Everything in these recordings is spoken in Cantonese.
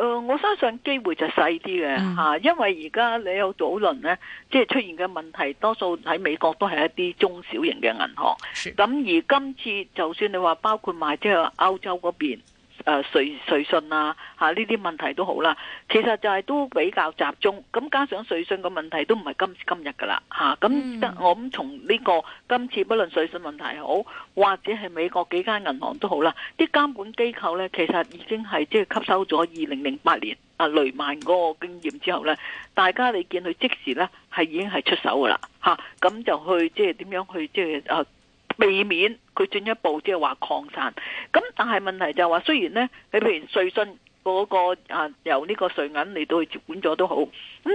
誒，我相信機會就細啲嘅嚇，因為而家你有討論呢，即係出現嘅問題多數喺美國都係一啲中小型嘅銀行。咁而今次就算你話包括埋，即係歐洲嗰邊。誒、呃，瑞瑞信啊，吓呢啲問題都好啦，其實就係都比較集中，咁加上瑞信嘅問題都唔係今時今日噶啦，吓、啊、咁、嗯、我諗從呢個今次不論瑞信問題好，或者係美國幾間銀行都好啦，啲監管機構呢，其實已經係即係吸收咗二零零八年啊雷曼嗰個經驗之後呢。大家你見佢即時呢，係已經係出手噶啦，吓、啊、咁就去即係點樣去即係誒。就是啊避免佢進一步即係話擴散。咁但係問題就係話，雖然呢，你譬如瑞信嗰、那個啊，由呢個瑞銀嚟到去接管咗都好。咁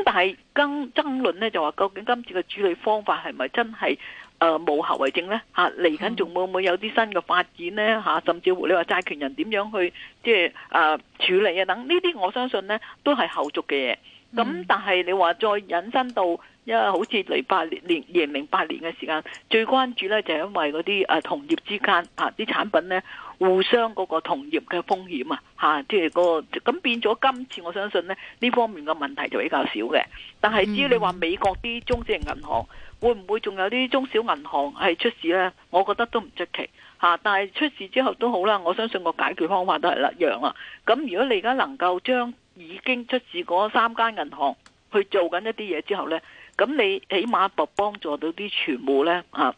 但係更爭論呢，就話究竟今次嘅處理方法係咪真係誒無後遺症呢？嚇、啊，嚟緊仲會唔會有啲新嘅發展呢？嚇、啊，甚至乎你話債權人點樣去即係啊處理啊等呢啲，這些我相信呢都係後續嘅嘢。咁但係你話再引申到。因為好似零八年、二零零八年嘅時間，最關注咧就係因為嗰啲誒同業之間啊啲產品咧互相嗰個同業嘅風險啊，即係個咁，變咗今次我相信咧呢方面嘅問題就比較少嘅。但係只要你話美國啲中資銀行會唔會仲有啲中小銀行係出事咧？我覺得都唔出奇嚇。但係出事之後都好啦，我相信個解決方法都係啦，樣啊。咁如果你而家能夠將已經出事嗰三間銀行去做緊一啲嘢之後咧。咁你起碼幫幫助到啲全部咧，啊，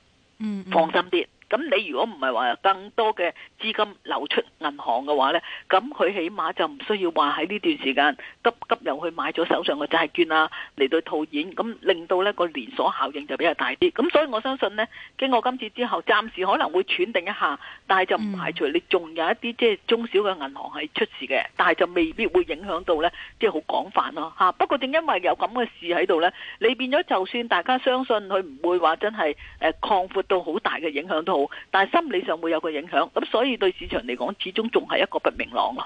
放心啲。嗯嗯咁你如果唔係話更多嘅資金流出銀行嘅話咧，咁佢起碼就唔需要話喺呢段時間急急又去買咗手上嘅債券啊嚟到套現，咁令到咧個連鎖效應就比較大啲。咁所以我相信咧，經過今次之後，暫時可能會喘定一下，但係就唔排除你仲有一啲即係中小嘅銀行係出事嘅，但係就未必會影響到咧，即係好廣泛咯、啊、吓。不過正因為有咁嘅事喺度咧，你變咗就算大家相信佢唔會話真係誒擴闊到好大嘅影響都好。但係心理上會有個影響，咁所以對市場嚟講，始終仲係一個不明朗咯。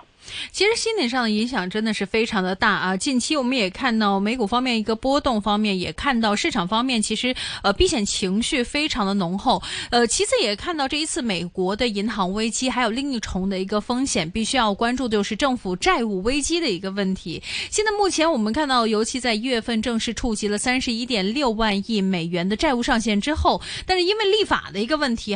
其實心理上的影響真的是非常的大啊！近期我們也看到美股方面一個波動，方面也看到市場方面，其實，呃，避險情緒非常的濃厚。呃，其次也看到這一次美國的銀行危機，還有另一重的一個風險，必須要關注的就是政府債務危機的一個問題。現在目前我們看到，尤其在一月份正式觸及了三十一點六萬億美元的債務上限之後，但是因為立法的一個問題。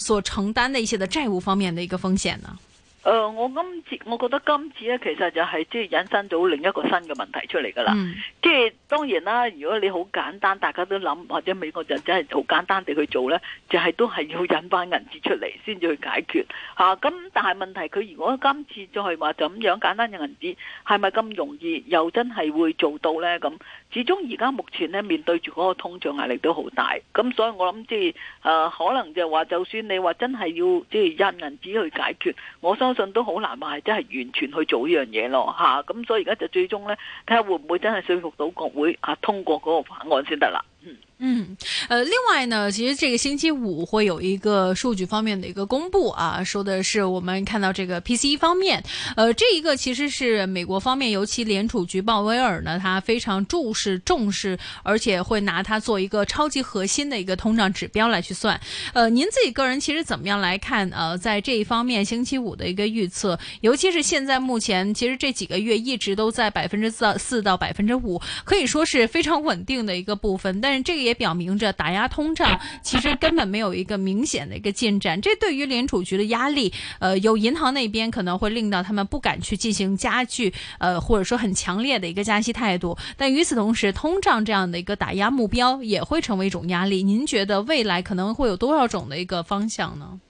所承擔的一些的債務方面的一個風險呢？誒、呃，我今次我覺得今次咧，其實就係即係引申咗另一個新嘅問題出嚟噶啦。即、mm. 係當然啦，如果你好簡單，大家都諗或者美國就真係好簡單地去做咧，就係、是、都係要引翻銀紙出嚟先至去解決吓。咁、啊、但係問題佢如果今次再話咁樣簡單嘅銀紙，係咪咁容易又真係會做到咧？咁始終而家目前咧面對住嗰個通脹壓力都好大。咁所以我諗即係誒，可能就話就算你話真係要即係、就是、印銀紙去解決，我想。相信都好難話係真係完全去做呢樣嘢咯，吓、啊、咁所以而家就最終咧，睇下會唔會真係說服到國會啊通過嗰個法案先得啦。嗯，呃，另外呢，其實這個星期五會有一個數據方面的一個公布啊，說的是我們看到這個 P C 方面，呃，這一個其實是美國方面，尤其聯儲局鮑威爾呢，他非常重視重視，而且會拿它做一個超級核心的一個通脹指標來去算。呃，您自己個人其實怎麼樣來看？呃，在這一方面，星期五的一個預測，尤其是現在目前，其實這幾個月一直都在百分之四到四到百分之五，可以說是非常穩定的一個部分，但是這個。也表明着打壓通脹其實根本沒有一個明顯的一個進展，這對於聯儲局的壓力，呃，由銀行那邊可能會令到他們不敢去進行加劇，呃，或者說很強烈的一個加息態度。但與此同時，通脹這樣的一個打壓目標也會成為一種壓力。您覺得未來可能會有多少種的一個方向呢？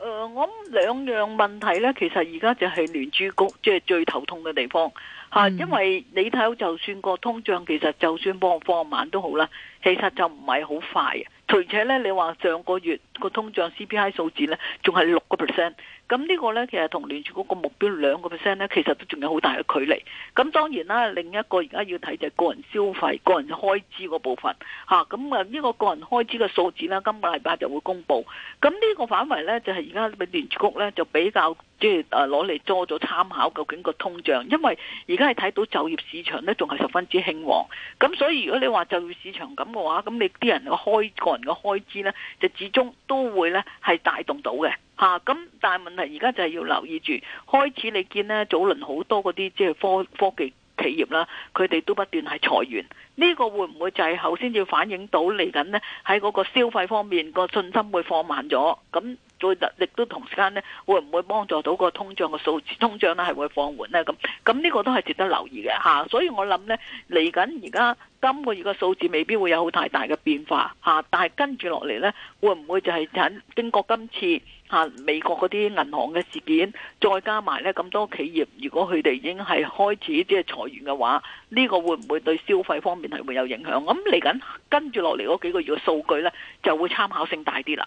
呃，我諗兩樣問題呢，其實而家就係聯儲局即、就是、最頭痛的地方。吓、嗯，因為你睇到就算個通脹，其實就算幫放慢都好啦，其實就唔係好快。而且咧，你話上個月個通脹 CPI 數字咧，仲係六個 percent。咁呢個呢，其實同聯儲局個目標兩個 percent 呢，其實都仲有好大嘅距離。咁當然啦，另一個而家要睇就係個人消費、個人開支嗰部分吓。咁啊，呢個個人開支嘅數字呢，今個禮拜就會公布。咁呢個範圍呢，就係而家俾聯儲局呢，就比較即係攞嚟做咗參考，究竟個通脹。因為而家係睇到就業市場呢，仲係十分之興旺。咁所以如果你話就業市場咁嘅話，咁你啲人個開個人嘅開支呢，就始終都會呢係帶動到嘅。吓，咁但係問題而家就係要留意住，開始你見呢，早輪好多嗰啲即係科科技企業啦，佢哋都不斷係裁員，呢個會唔會就係後先要反映到嚟緊呢？喺嗰個消費方面個信心會放慢咗，咁再亦都同時間呢，會唔會幫助到個通脹嘅數字？通脹呢係會放緩呢？咁咁呢個都係值得留意嘅吓。所以我諗呢，嚟緊而家今個月個數字未必會有好太大嘅變化吓，但係跟住落嚟呢，會唔會就係等經過今次？啊！美國嗰啲銀行嘅事件，再加埋呢咁多企業，如果佢哋已經係開始即係裁員嘅話，呢個會唔會對消費方面係會有影響？咁嚟緊跟住落嚟嗰幾個月嘅數據呢，就會參考性大啲啦。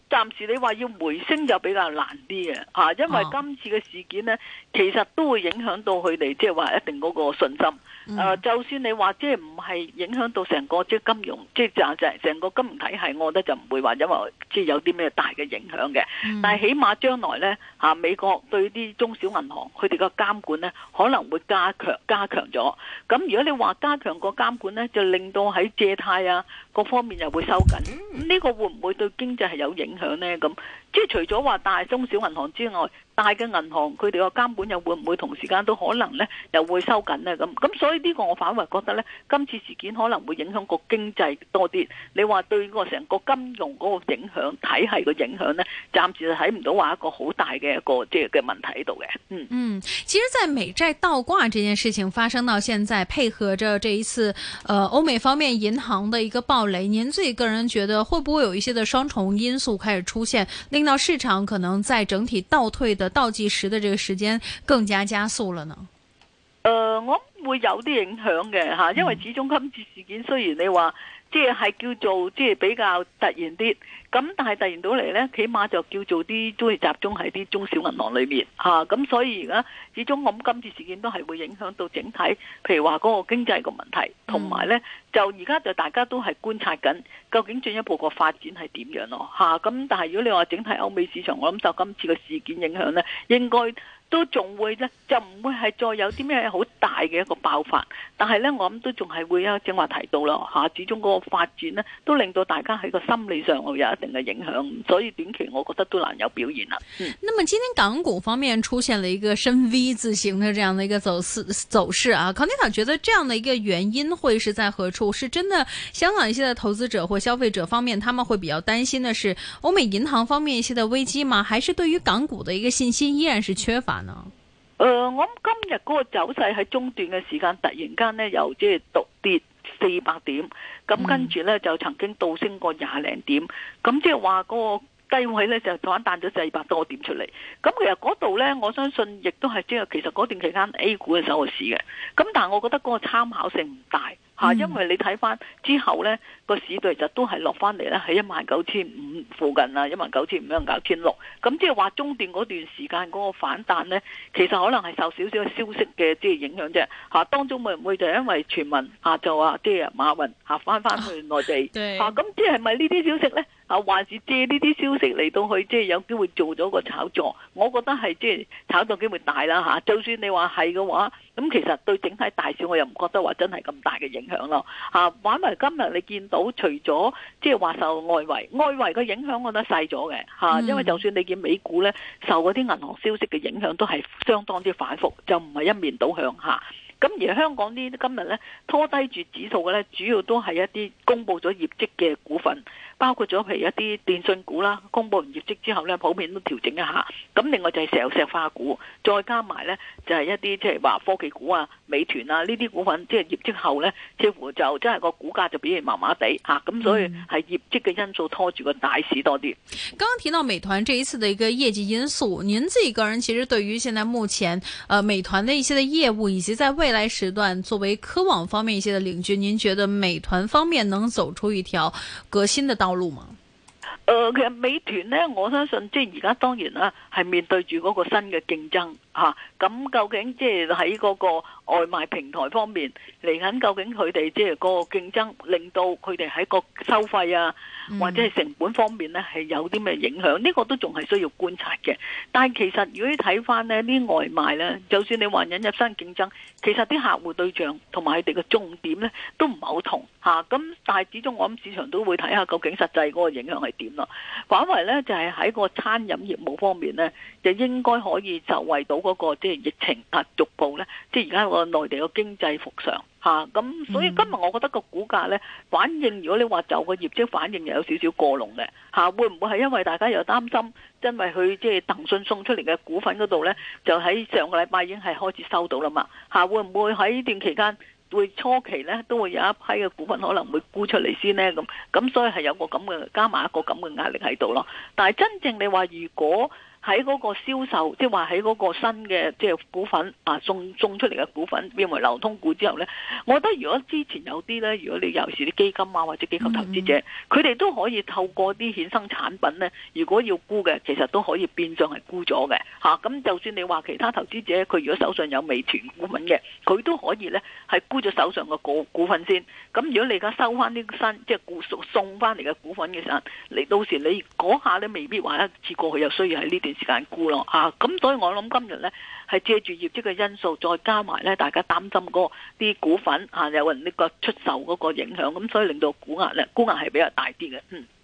暫時你話要回升就比較難啲嘅，吓、啊，因為今次嘅事件呢，其實都會影響到佢哋，即係話一定嗰個信心。誒、啊嗯，就算你話即係唔係影響到成個即係金融，即係成個金融體系，我覺得就唔會話因為即係有啲咩大嘅影響嘅、嗯。但係起碼將來呢，吓、啊、美國對啲中小銀行，佢哋嘅監管呢可能會加強加強咗。咁如果你話加強個監管呢，就令到喺借貸啊各方面又會收緊。呢、這個會唔會對經濟係有影響？響咧咁，即係除咗話大中小銀行之外。大嘅銀行佢哋個監管又會唔會同時間都可能咧，又會收緊咧咁咁，所以呢個我反而覺得咧，今次事件可能會影響個經濟多啲。你話對個成個金融嗰個影響體系個影響咧，暫時睇唔到話一個好大嘅一個即係嘅問題喺度嘅。嗯嗯，其實在美債倒掛這件事情發生到現在，配合着這一次，呃，歐美方面銀行的一個爆雷，您自己個人覺得會不會有一些嘅雙重因素開始出現令到市場可能在整體倒退的。倒計時嘅這個時間更加加速了呢？誒、呃，我會有啲影響嘅吓，因為始終今次事件雖然你話即係叫做即係比較突然啲。咁但係突然到嚟呢，起碼就叫做啲都係集中喺啲中小銀行裏面。咁、啊、所以而家始終我諗、嗯、今次事件都係會影響到整體，譬如話嗰個經濟個問題，同埋呢，就而家就大家都係觀察緊，究竟進一步個發展係點樣咯、啊、咁、啊、但係如果你話整體歐美市場，我諗受今次個事件影響呢應該。都仲會呢，就唔會係再有啲咩好大嘅一個爆發。但係呢，我諗都仲係會啊，正話提到啦嚇，始終嗰個發展呢，都令到大家喺個心理上會有一定嘅影響。所以短期我覺得都難有表現啦。嗯。那麼今天港股方面出現了一個深 V 字形的這樣的一個走勢走勢啊，康尼塔覺得這樣的一個原因會是在何處？是真的香港一些嘅投資者或消費者方面，他們會比較擔心的是歐美銀行方面一些嘅危機嗎？還是對於港股嘅一個信心依然是缺乏？誒、 呃，我諗今日嗰個走勢喺中段嘅時間，突然間咧又即係獨跌四百點，咁跟住咧、嗯、就曾經倒升過廿零點，咁即係話嗰個。低位咧就反彈彈咗四百多個點出嚟，咁其實嗰度咧，我相信亦都係即係其實嗰段期間 A 股嘅收市嘅。咁但係我覺得嗰個參考性唔大嚇、嗯，因為你睇翻之後咧，個市道就都係落翻嚟呢，喺一萬九千五附近啊，一萬九千五、一萬九千六。咁即係話中段嗰段時間嗰個反彈咧，其實可能係受少少嘅消息嘅即係影響啫嚇、啊。當中會唔會就因為傳聞啊就話即係馬雲下翻翻去內地，咁即係咪呢啲消息咧？啊，還是借呢啲消息嚟到去，即係有機會做咗個炒作。我覺得係即係炒作機會大啦嚇。就算你話係嘅話，咁其實對整體大市，我又唔覺得話真係咁大嘅影響咯。嚇，玩埋今日你見到，除咗即係話受外圍外圍嘅影響，我覺得細咗嘅嚇。因為就算你見美股咧，受嗰啲銀行消息嘅影響，都係相當之反覆，就唔係一面倒向下。咁而香港呢今日咧拖低住指數嘅咧，主要都係一啲公布咗業績嘅股份。包括咗譬如一啲電信股啦，公布完業績之後咧，普遍都調整一下。咁另外就係石油石化股，再加埋咧就係一啲即係話科技股啊、美團啊呢啲股份，即、就、係、是、業績後咧，似乎就真係個股價就比你麻麻地吓，咁所以係業績嘅因素拖住個大市多啲。剛剛提到美團這一次的一個業績因素，您自己個人其實對於現在目前，呃美團的一些的業務以及在未來時段作為科網方面一些的領軍，您覺得美團方面能走出一條革新的道？誒、呃，其實美團咧，我相信即係而家當然啦，係面對住嗰個新嘅競爭。吓、啊，咁究竟即係喺嗰個外賣平台方面嚟緊，究竟佢哋即係個競爭，令到佢哋喺個收費啊，或者係成本方面咧，係有啲咩影響？呢、這個都仲係需要觀察嘅。但係其實如果你睇翻咧，啲外賣咧，就算你話引入新競爭，其實啲客戶對象同埋佢哋嘅重點咧，都唔係好同吓。咁、啊、但係始終我諗市場都會睇下究竟實際嗰個影響係點咯。反為咧就係、是、喺個餐飲業務方面咧，就應該可以受惠到。嗰、那個即係疫情啊，逐步呢，即係而家個內地個經濟復常嚇，咁、啊、所以今日我覺得個股價呢，反應如果你話就個業績反應又有少少過龍嘅嚇，會唔會係因為大家又擔心真，因為佢即係騰訊送出嚟嘅股份嗰度呢，就喺上個禮拜已經係開始收到啦嘛嚇、啊，會唔會喺呢段期間會初期呢，都會有一批嘅股份可能會沽出嚟先呢？咁，咁所以係有個咁嘅加埋一個咁嘅壓力喺度咯，但係真正你話如果。喺嗰個銷售，即係話喺嗰個新嘅即係股份啊，送送出嚟嘅股份變為流通股之後呢，我覺得如果之前有啲呢，如果你有時啲基金啊或者機構投資者，佢哋都可以透過啲衍生產品呢，如果要沽嘅，其實都可以變相係沽咗嘅嚇。咁、啊、就算你話其他投資者，佢如果手上有美團股份嘅，佢都可以呢係沽咗手上嘅股份先。咁如果你而家收翻啲新即係股送送翻嚟嘅股份嘅時候，你到時你嗰下你未必話一次過去又需要喺呢段。時間沽咯啊，咁所以我諗今日咧係借住業績嘅因素，再加埋咧大家擔心嗰啲股份啊，有人呢個出售嗰個影響，咁所以令到沽壓咧，沽壓係比較大啲嘅，嗯。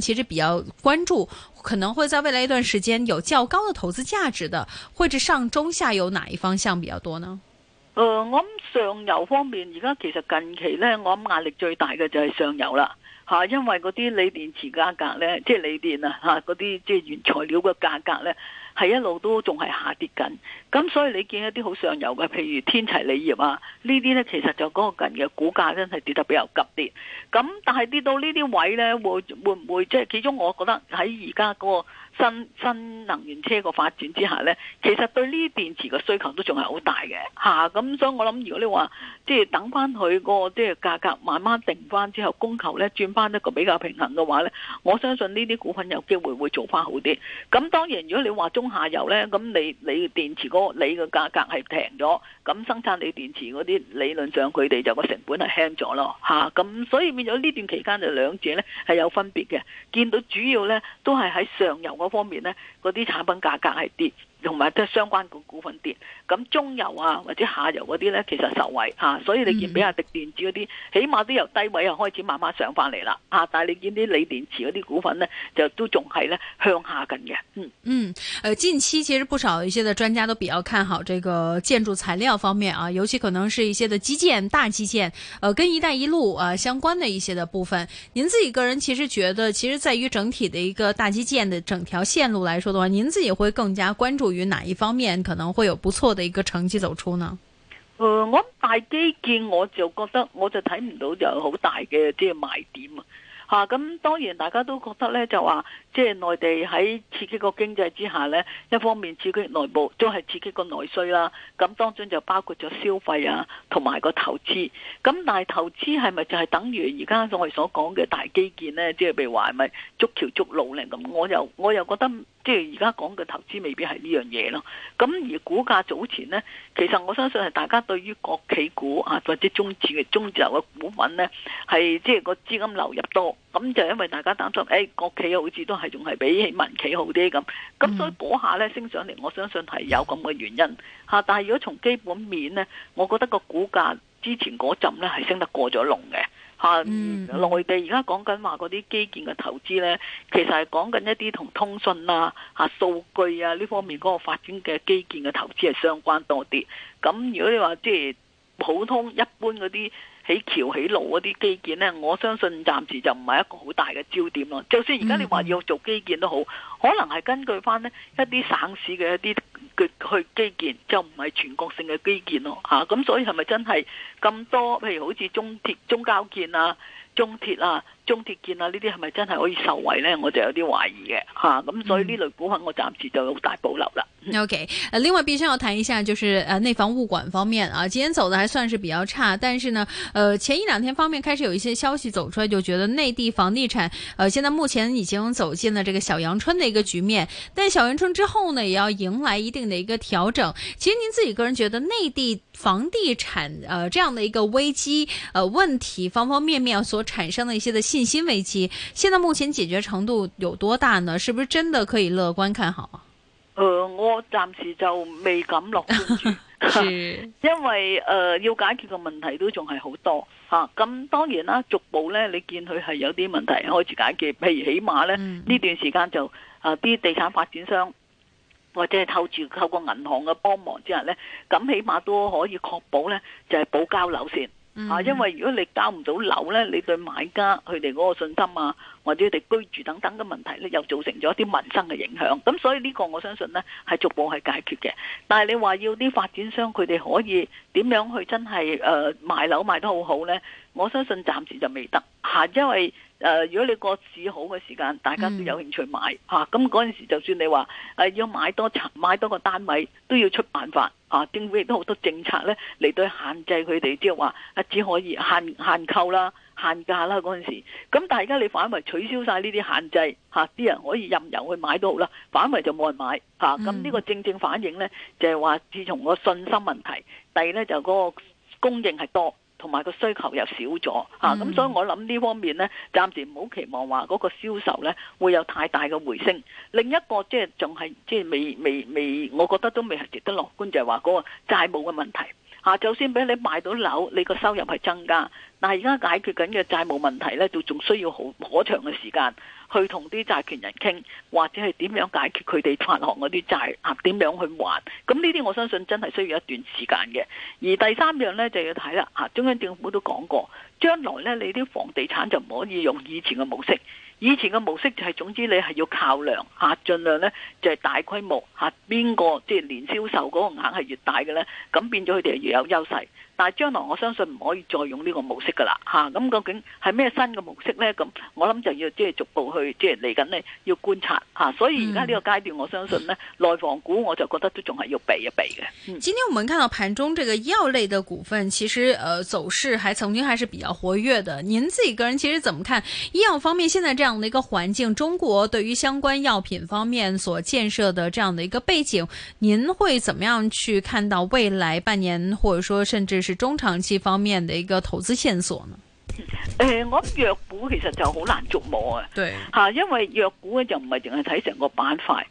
其實比較關注，可能會在未來一段時間有較高的投資價值的，或者上中下游哪一方向比較多呢？呃，我諗上游方面，而家其實近期咧，我諗壓力最大嘅就係上游啦，吓，啊，因為嗰啲鋰電池價格咧，即係鋰電啊，吓，嗰啲即係原材料嘅價格咧。係一路都仲係下跌緊，咁所以你見一啲好上游嘅，譬如天齊鋰業啊，呢啲呢，其實就嗰個近嘅股價真係跌得比較急啲。咁但係跌到呢啲位呢，會會唔會即係？就是、其中我覺得喺而家嗰個。新新能源車個發展之下呢，其實對呢啲電池嘅需求都仲係好大嘅吓，咁、啊、所以我諗如果你話即係等翻佢、嗰個即係價格慢慢定翻之後，供求呢轉翻一個比較平衡嘅話呢，我相信呢啲股份有機會會做翻好啲。咁當然如果你話中下游呢，咁你你電池個你個價格係平咗，咁生產你電池嗰啲理論上佢哋就個成本係輕咗咯吓，咁、啊、所以變咗呢段期間就兩者呢係有分別嘅。見到主要呢都係喺上游的嗰方面咧，嗰啲產品價格係跌，同埋即係相關個股份跌。咁中游啊，或者下游嗰啲咧，其實受惠嚇、啊，所以你見比亞迪電子嗰啲，起碼都由低位又開始慢慢上翻嚟啦，啊！但係你見啲鋰電池嗰啲股份咧，就都仲係咧向下近嘅。嗯嗯，誒、呃，近期其實不少一些的專家都比較看好這個建築材料方面啊，尤其可能是一些的基建、大基建，誒、呃，跟一帶一路啊相關的一些的部分。您自己個人其實覺得，其實在於整體的一個大基建的整條線路來說的話，您自己會更加關注於哪一方面可能會有不錯？的一個成績走出呢？誒、呃，我諗大基建我就覺得我就睇唔到有好大嘅即係賣點啊！吓咁，當然大家都覺得呢，就話。即係內地喺刺激個經濟之下呢，一方面刺激內部，都係刺激個內需啦。咁當中就包括咗消費啊，同埋個投資。咁但係投資係咪就係等於而家我哋所講嘅大基建呢？即係譬如話係咪築橋築路呢？咁我又我又覺得即係而家講嘅投資未必係呢樣嘢咯。咁而股價早前呢，其實我相信係大家對於國企股啊或者中字嘅中字頭嘅股份呢，係即係個資金流入多。咁就因為大家擔心，哎，誒國企好似都係。仲係比起民企好啲咁，咁所以嗰下咧升上嚟，我相信係有咁嘅原因嚇。但係如果從基本面咧，我覺得個股價之前嗰陣咧係升得過咗龍嘅嚇。內地而家講緊話嗰啲基建嘅投資咧，其實係講緊一啲同通訊啊、嚇數據啊呢方面嗰個發展嘅基建嘅投資係相關多啲。咁如果你話即係普通一般嗰啲。起橋起路嗰啲基建呢，我相信暫時就唔係一個好大嘅焦點咯。就算而家你話要做基建都好，可能係根據翻呢一啲省市嘅一啲嘅去基建，就唔係全國性嘅基建咯。嚇、啊，咁所以係咪真係咁多？譬如好似中鐵、中交建啊、中鐵啊。中鐵建啊，呢啲係咪真係可以受惠呢？我就有啲懷疑嘅吓。咁、啊、所以呢類股份我暫時就有好大保留啦。OK，另外必須要談一下，就是呃，內房物管方面啊，今天走得還算是比較差，但是呢，呃，前一兩天方面開始有一些消息走出來，就覺得內地房地產呃，現在目前已經走進了這個小陽春的一個局面，但小陽春之後呢，也要迎來一定的一個調整。其實您自己個人覺得內地房地產呃，這樣的一個危機呃，問題方方面面所產生的一些的。信心危機，現在目前解決程度有多大呢？是不是真的可以樂觀看好？誒、呃，我暫時就未敢落注， 因為誒、呃、要解決嘅問題都仲係好多吓。咁、啊、當然啦，逐步咧你見佢係有啲問題開始解決，譬如起碼咧呢、嗯、段時間就誒啲、呃、地產發展商或者係透住透過銀行嘅幫忙之下咧，咁起碼都可以確保咧就係、是、保交樓先。啊，因為如果你交唔到樓咧，你對買家佢哋嗰個信心啊，或者佢哋居住等等嘅問題咧，又造成咗一啲民生嘅影響。咁所以呢個我相信咧係逐步去解決嘅。但係你話要啲發展商佢哋可以點樣去真係誒賣樓賣得好好咧？我相信暫時就未得嚇，因為誒、呃，如果你個市好嘅時間，大家都有興趣買吓，咁嗰陣時就算你話誒、啊、要買多層買多個單位，都要出辦法啊，政府亦都好多政策咧嚟到限制佢哋，即係話啊只可以限限購啦、限價啦嗰陣時。咁但係而家你反為取消晒呢啲限制吓，啲、啊、人可以任由去買都好啦，反為就冇人買吓。咁、啊、呢個正正反映咧，就係、是、話自從個信心問題，第二咧就嗰個供應係多。同埋個需求又少咗，吓，咁、嗯啊、所以我諗呢方面呢，暫時唔好期望話嗰個銷售呢會有太大嘅回升。另一個即係仲係即係未未未，我覺得都未係值得樂觀，就係話嗰個債務嘅問題。啊，就先俾你買到樓，你個收入係增加。但係而家解決緊嘅債務問題呢，就仲需要好可長嘅時間去同啲債權人傾，或者係點樣解決佢哋發行嗰啲債啊？點樣去還？咁呢啲我相信真係需要一段時間嘅。而第三樣呢，就要睇啦。嚇、啊，中央政府都講過，將來呢，你啲房地產就唔可以用以前嘅模式。以前嘅模式就係、是、總之你係要靠量嚇，盡量咧就係、是、大規模嚇，邊個即係年銷售嗰個額係越大嘅咧，咁變咗佢哋越有優勢。但係將來我相信唔可以再用呢個模式㗎啦嚇，咁、啊、究竟係咩新嘅模式呢？咁我諗就要即係逐步去即係嚟緊呢要觀察嚇、啊，所以而家呢個階段我相信呢、嗯、內房股我就覺得都仲係要避一避嘅、嗯。今天我們看到盤中這個醫藥類的股份，其實誒、呃、走勢還曾經還是比較活躍的。您自己個人其實怎麼看？醫藥方面現在這樣的一個環境，中國對於相關藥品方面所建設的這樣的一個背景，您會怎麼樣去看到未來半年，或者說甚至？是中長期方面的一個投資線索呢？誒、呃，我諗藥股其實就好難捉摸啊。對，吓，因為藥股咧就唔係淨係睇成個板塊，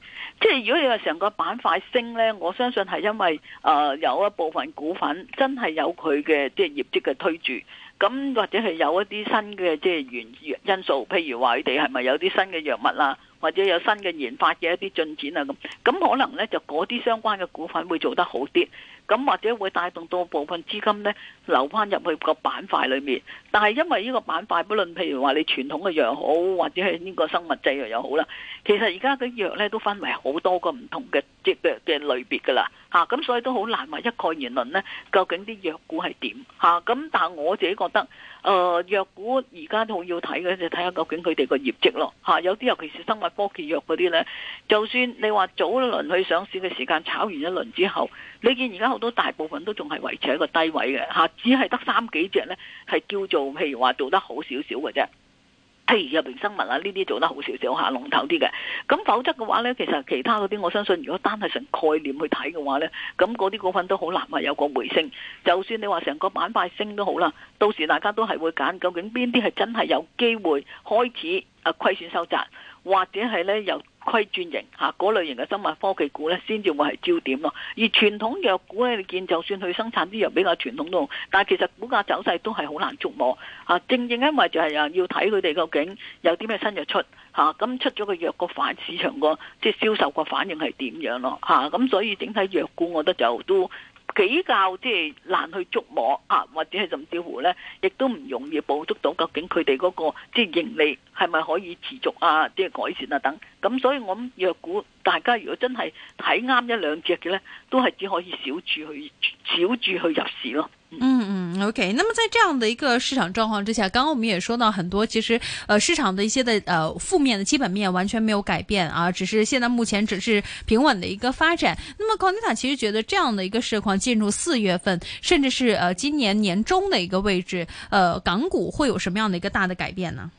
即係如果你話成個板塊升咧，我相信係因為誒、呃、有一部分股份真係有佢嘅即係業績嘅推住，咁或者係有一啲新嘅即係原因素，譬如話佢哋係咪有啲新嘅藥物啦，或者有新嘅研發嘅一啲進展啊咁，咁可能咧就嗰啲相關嘅股份會做得好啲。咁或者會帶動到部分資金呢流翻入去個板塊裏面，但係因為呢個板塊，不論譬如話你傳統嘅藥好，或者係呢個生物製藥又好啦，其實而家嘅藥呢都分為好多個唔同嘅即嘅類別噶啦，吓、啊、咁所以都好難話一概而論呢，究竟啲藥股係點吓，咁、啊、但係我自己覺得。誒藥股而家都好要睇嘅，就睇下究竟佢哋個業績咯、嚇。有啲尤其是生物科技藥嗰啲呢，就算你話早一輪去上市嘅時間炒完一輪之後，你見而家好多大部分都仲係維持喺個低位嘅、嚇。只係得三幾隻呢，係叫做譬如話做得好少少嘅啫。譬、哎、如入邊新聞啊呢啲做得好少少吓，龍頭啲嘅。咁否則嘅話呢，其實其他嗰啲我相信，如果單係成概念去睇嘅話呢，咁嗰啲股份都好難啊有個回升。就算你話成個板塊升都好啦，到時大家都係會揀究竟邊啲係真係有機會開始啊虧損收窄，或者係呢由。規轉型吓，嗰類型嘅生物科技股咧，先至會係焦點咯。而傳統藥股咧，你見就算佢生產啲藥比較傳統都但係其實股價走勢都係好難捉摸啊！正正因為就係啊，要睇佢哋究竟有啲咩新藥出吓，咁出咗個藥個反市場個即係銷售個反應係點樣咯吓，咁所以整體藥股我覺得就都。比較即係難去捉摸啊，或者係甚至乎呢，亦都唔容易捕捉到究竟佢哋嗰個即係盈利係咪可以持續啊，即、啊、係、啊、改善啊等，等。咁所以我諗，若果大家如果真係睇啱一兩隻嘅呢，都係只可以小注去小注去入市咯。嗯嗯，OK。那麼在這樣的一個市場狀況之下，剛剛我們也說到很多，其實，呃，市場的一些的，呃，負面的基本面完全沒有改變啊，只是現在目前只是平穩的一個發展。那麼，熊麗萍其實覺得這樣的一個市況進入四月份，甚至是呃今年年中的一個位置，呃，港股會有什麼樣的一個大的改變呢？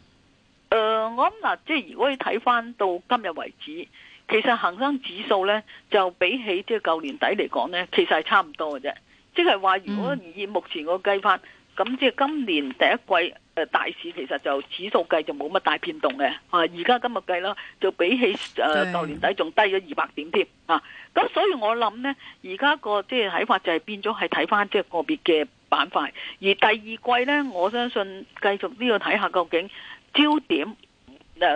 呃，我諗嗱，即係如果你睇翻到今日為止，其實恒生指數咧就比起即係舊年底嚟講咧，其實係差唔多嘅啫。即係話，如果以目前個計法，咁即係今年第一季，誒大市其實就指數計就冇乜大變動嘅。啊，而家今日計啦，就比起誒舊年底仲低咗二百點添。啊、嗯，咁所以我諗呢，而家個即係睇法就係變咗係睇翻即係個別嘅板塊，而第二季呢，我相信繼續都要睇下究竟焦點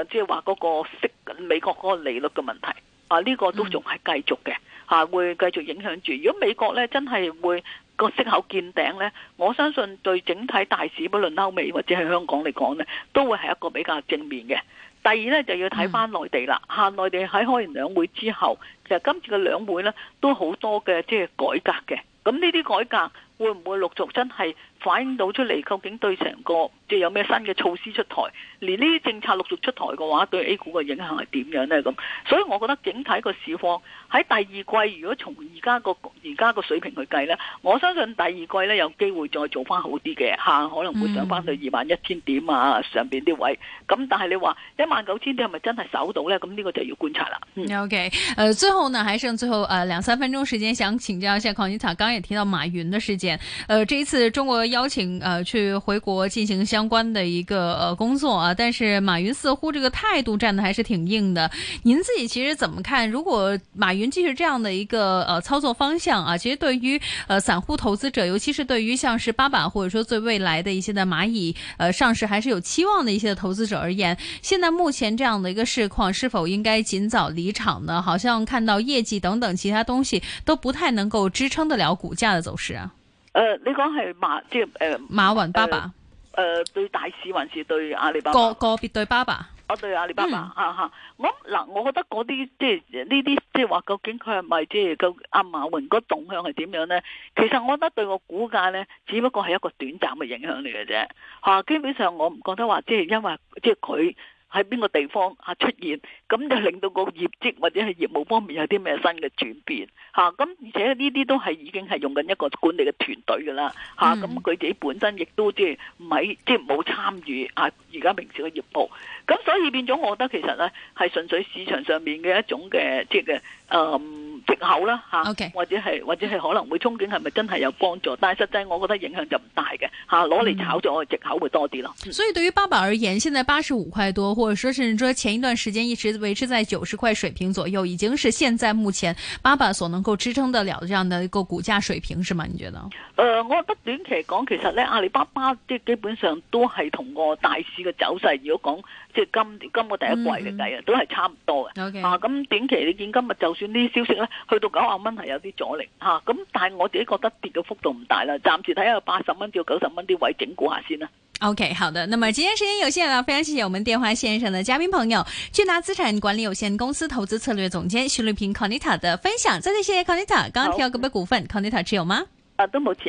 誒，即係話嗰個息緊美國嗰個利率嘅問題。啊！呢個都仲係繼續嘅，嚇會繼續影響住。如果美國咧真係會個息口見頂咧，我相信對整體大市，不論歐美或者係香港嚟講咧，都會係一個比較正面嘅。第二咧就要睇返內地啦。嚇、嗯、內地喺開完兩會之後，其實今次嘅兩會咧都好多嘅即係改革嘅。咁呢啲改革。會唔會陸續真係反映到出嚟？究竟對成個即係有咩新嘅措施出台？連呢啲政策陸續出台嘅話，對 A 股嘅影響係點樣呢？咁所以我覺得整體個市況喺第二季，如果從而家個而家個水平去計呢，我相信第二季呢，有機會再做翻好啲嘅吓，可能會上翻去二萬一千點啊上邊啲位。咁、嗯、但係你話一萬九千點係咪真係守到呢？咁呢個就要觀察啦、嗯。OK，呃，最後呢，還剩最後呃兩三分鐘時間，想請教一下鄺女士，剛剛也提到馬雲嘅事件。呃，這一次中國邀請呃去回國進行相關的一個呃工作啊，但是馬雲似乎這個態度站的還是挺硬的。您自己其實怎麼看？如果馬雲繼續這樣的一個呃操作方向啊，其實對於呃散戶投資者，尤其是對於像是八板或者說對未來的一些的螞蟻呃上市還是有期望的一些的投資者而言，現在目前這樣的一個市況，是否應該盡早離場呢？好像看到業績等等其他東西都不太能夠支撐得了股價的走勢啊。誒、呃，你講係馬即係誒、呃、馬雲爸爸，誒、呃、對大市還是對阿里巴巴個個別對爸爸？我、啊、對阿里巴巴吓吓，我、嗯、嗱、啊，我覺得嗰啲即係呢啲即係話，究竟佢係咪即係究竟阿馬雲嗰動向係點樣咧？其實我覺得對我股價咧，只不過係一個短暫嘅影響嚟嘅啫，吓、啊，基本上我唔覺得話即係因為即係佢。喺邊個地方啊出現，咁就令到個業績或者係業務方面有啲咩新嘅轉變吓，咁、啊、而且呢啲都係已經係用緊一個管理嘅團隊噶啦吓，咁、啊、佢自己本身亦都即係唔係即係冇參與啊而家明少嘅業務，咁所以變咗我覺得其實咧係純粹市場上面嘅一種嘅即係嘅誒。就是藉口啦嚇、okay.，或者係或者係可能會憧憬係咪真係有幫助？但係實際我覺得影響就唔大嘅嚇，攞、啊、嚟炒咗，我嘅藉口會多啲咯、嗯。所以對於爸爸而言，現在八十五塊多，或者說甚至於前一段時間一直維持在九十塊水平左右，已經是現在目前爸爸所能夠支撐得了這樣嘅一個股價水平，是嗎？你覺得？誒、呃，我覺得短期嚟講，其實咧阿里巴巴即基本上都係同個大市嘅走勢，如果講即係今今個第一季嘅計、嗯 okay. 啊，都係差唔多嘅。嚇，咁短期你見今日就算呢啲消息咧。去到九啊蚊，係有啲阻力嚇。咁、啊、但係我自己覺得跌嘅幅度唔大啦，暫時睇下八十蚊至到九十蚊啲位整固下先啦。OK，好的。咁啊，今日時間有限啦，非常謝謝我們電話線上的嘉賓朋友，巨達資產管理有限公司投資策略總監熊麗萍 （Conita） 的分享。真係謝謝 Conita。剛剛提到嗰筆股份，Conita 持有嗎？啊，都冇持有。